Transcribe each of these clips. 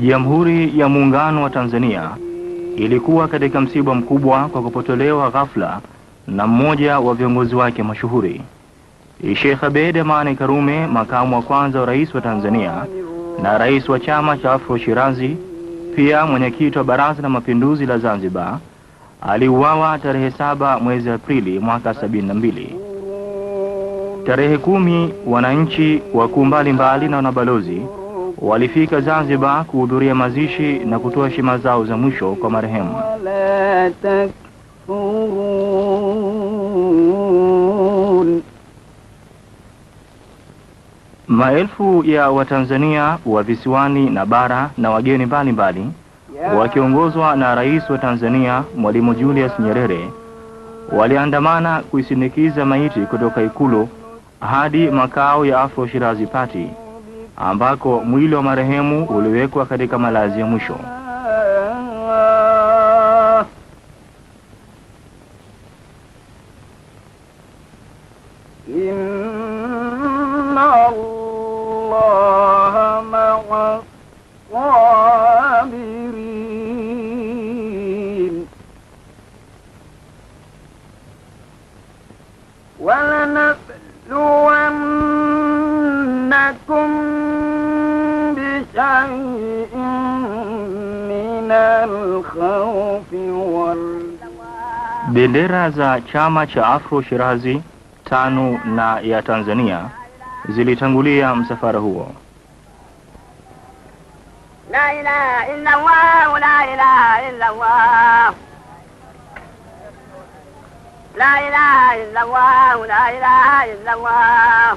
Jamhuri ya Muungano wa Tanzania ilikuwa katika msiba mkubwa kwa kupotolewa ghafla na mmoja wa viongozi wake mashuhuri. Sheikh Abeid Amani Karume, makamu wa kwanza wa rais wa Tanzania na rais wa chama cha Afro Shirazi, pia mwenyekiti wa Baraza la Mapinduzi la Zanzibar, aliuawa tarehe saba mwezi Aprili mwaka sabini na mbili. Tarehe kumi wananchi wakuu mbalimbali na wanabalozi walifika Zanzibar kuhudhuria mazishi na kutoa heshima zao za mwisho kwa marehemu. Maelfu ya Watanzania wa visiwani na bara na wageni mbalimbali wakiongozwa na Rais wa Tanzania Mwalimu Julius Nyerere waliandamana kuisindikiza maiti kutoka Ikulu hadi makao ya Afro Shirazi Party ambako mwili wa marehemu uliwekwa katika malazi ya mwisho. شيء من الخوف Bendera za chama cha Afro Shirazi tano na ya Tanzania zilitangulia msafara huo. La ilaha la ilaha La ilaha la ilaha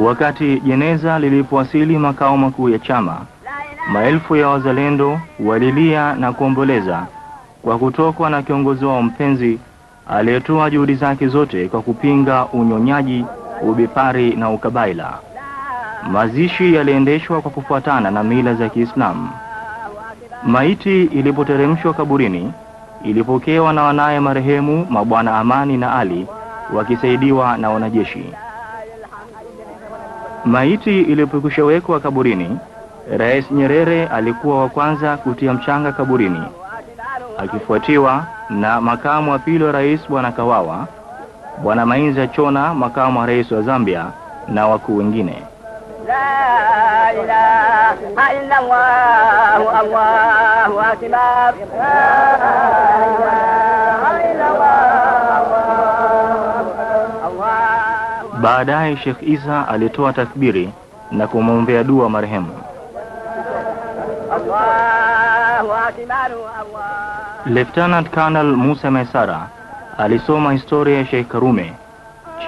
Wakati jeneza lilipowasili makao makuu ya chama, maelfu ya wazalendo walilia na kuomboleza kwa kutokwa na kiongozi wao mpenzi aliyetoa juhudi zake zote kwa kupinga unyonyaji, ubepari na ukabaila. Mazishi yaliendeshwa kwa kufuatana na mila za Kiislamu. Maiti ilipoteremshwa kaburini ilipokewa na wanaye marehemu mabwana Amani na Ali wakisaidiwa na wanajeshi. Maiti ilipokushawekwa kaburini, Rais Nyerere alikuwa wa kwanza kutia mchanga kaburini akifuatiwa na makamu wa pili wa rais Bwana Kawawa, Bwana Mainza Chona, makamu wa rais wa Zambia na wakuu wengine. La ilaha illallah Allah الله أكبر Baadaye Sheikh Isa alitoa takbiri na kumwombea dua marehemu. Lieutenant Colonel Musa Mesara alisoma historia ya Sheikh Karume,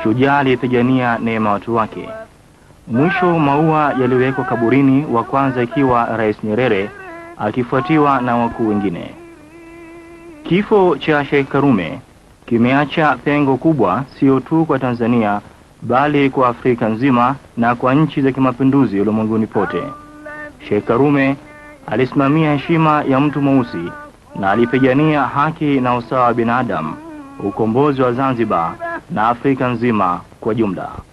shujaa aliyepigania neema watu wake. Mwisho maua yaliwekwa kaburini, wa kwanza ikiwa Rais Nyerere akifuatiwa na wakuu wengine. Kifo cha Sheikh Karume kimeacha pengo kubwa, sio tu kwa Tanzania bali kwa Afrika nzima na kwa nchi za kimapinduzi ulimwenguni pote. Sheikh Karume alisimamia heshima ya mtu mweusi na alipigania haki na usawa wa binadamu, ukombozi wa Zanzibar na Afrika nzima kwa jumla.